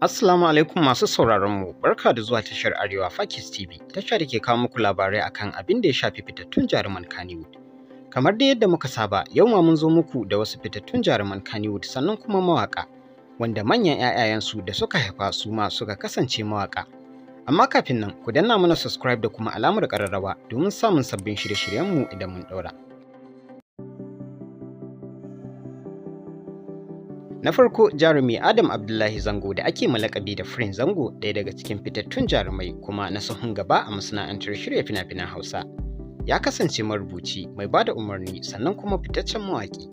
Assalamu alaikum masu sauraron mu barka da zuwa tashar Arewa Fakis TV tasha da ke kawo muku labarai akan abin da ya shafi fitattun jaruman Kannywood. Kamar dai yadda muka saba yau ma mun zo muku da wasu fitattun jaruman Kannywood sannan kuma mawaka wanda manyan 'ya'yayansu da suka haifa su ma suka kasance mawaka. Amma kafin nan ku danna mana subscribe da kuma alamar ƙararrawa domin samun sabbin shirye shiryen mu idan mun ɗaura. Na farko jarumi Adam Abdullahi Zango da ake malakabi da Frin Zango ɗaya daga cikin fitattun jarumai kuma na sahun gaba a masana'antar shirya fina-finan Hausa. Ya kasance marubuci mai ba da umarni sannan kuma fitaccen mawaƙi.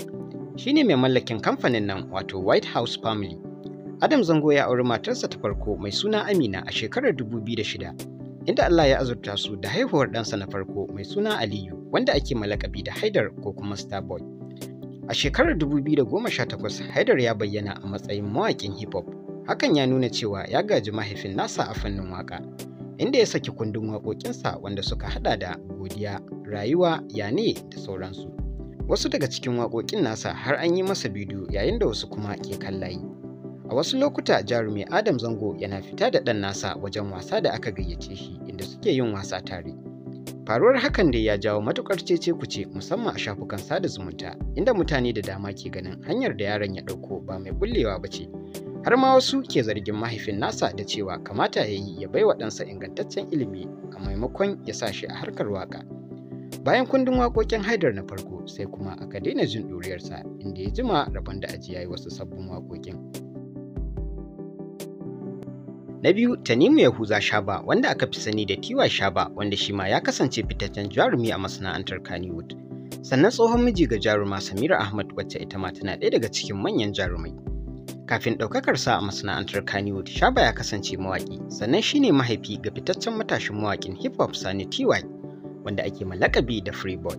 Shi ne mai mallakin kamfanin nan wato White House Family. Adam Zango ya auri matarsa ta farko mai suna Amina a shekarar dubu biyu da shida, inda Allah ya azurta su da haihuwar ɗansa na farko mai suna Aliyu wanda ake malakabi da Haidar ko kuma Starboy. A shekarar 2018, Haidar ya bayyana a matsayin mawaƙin hip hop. Hakan ya nuna cewa ya gaji mahaifin nasa a fannin waƙa, inda ya saki kundin waƙoƙinsa wanda suka hada da godiya, rayuwa, yane da sauransu. Wasu daga cikin waƙoƙin nasa har an yi masa bidiyo yayin da wasu kuma ke kallayi A wasu lokuta jarumi Adam Zango yana fita da ɗan nasa wajen wasa da aka gayyace shi inda suke yin wasa tare. Faruwar hakan da ya jawo matukar cece kuce musamman a shafukan sada zumunta inda mutane da dama ke ganin hanyar da yaron ya ɗauko ba mai bullewa ba ce. Har ma wasu ke zargin mahaifin nasa da cewa kamata ya yi ya baiwa ɗansa ingantaccen ilimi a maimakon ya sa shi a harkar waka. Bayan kundin waƙoƙin Haidar na farko sai kuma aka daina jin ɗuriyarsa inda ya jima rabon da ajiya ya yi wasu sabbin waƙoƙin. Na biyu Tanimu Yahuza Shaba wanda aka fi sani da Tiwa Shaba wanda shi ma ya kasance fitaccen jarumi a masana'antar Kannywood. Sannan tsohon miji ga jaruma Samira Ahmad wacce ita ma tana ɗaya daga cikin manyan jarumai. Kafin ɗaukakar sa a masana'antar Kannywood, Shaba ya kasance mawaƙi, sannan shi ne mahaifi ga fitaccen matashin mawaƙin hip hop Sani Tiwa wanda ake malakabi da Freeboy.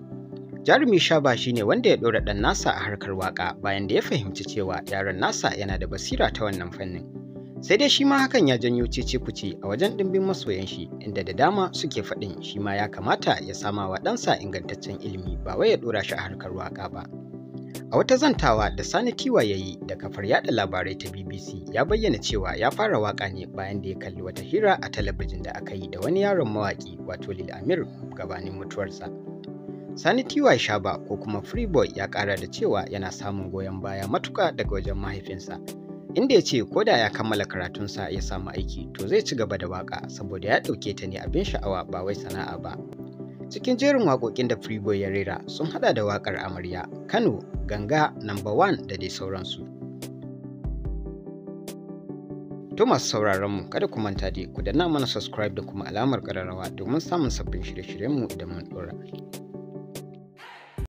Jarumi Shaba shi ne wanda ya ɗora ɗan nasa a harkar waƙa bayan da ya fahimci cewa yaron nasa yana da basira ta wannan fannin. sai dai shi ma hakan ya janyo cece kuce a wajen ɗimbin masoyan shi inda da dama suke faɗin shi ma ya kamata ya sama wa ɗansa ingantaccen ilimi ba wai ya ɗora shi a harkar waƙa ba a wata zantawa da sani tiwa ya yi da kafar yada labarai ta bbc ya bayyana cewa ya fara waƙa ne bayan da ya kalli wata hira a talabijin da aka yi da wani yaron mawaƙi wato lil amir gabanin mutuwarsa Sani Tiwa Shaba ko kuma Freeboy ya kara da cewa yana samun goyon baya matuka daga wajen mahaifinsa inda ya ce ko da ya kammala karatunsa ya samu aiki to zai ci gaba da waka saboda ya ɗauke ta ne abin sha'awa ba wai sana'a ba cikin jerin waƙoƙin da freeboy ya rera sun hada da waƙar amarya kano ganga number one da dai sauransu to masu sauraron mu kada ku manta dai ku danna mana subscribe da kuma alamar ƙararrawa domin samun sabbin shirye-shiryenmu da mun dora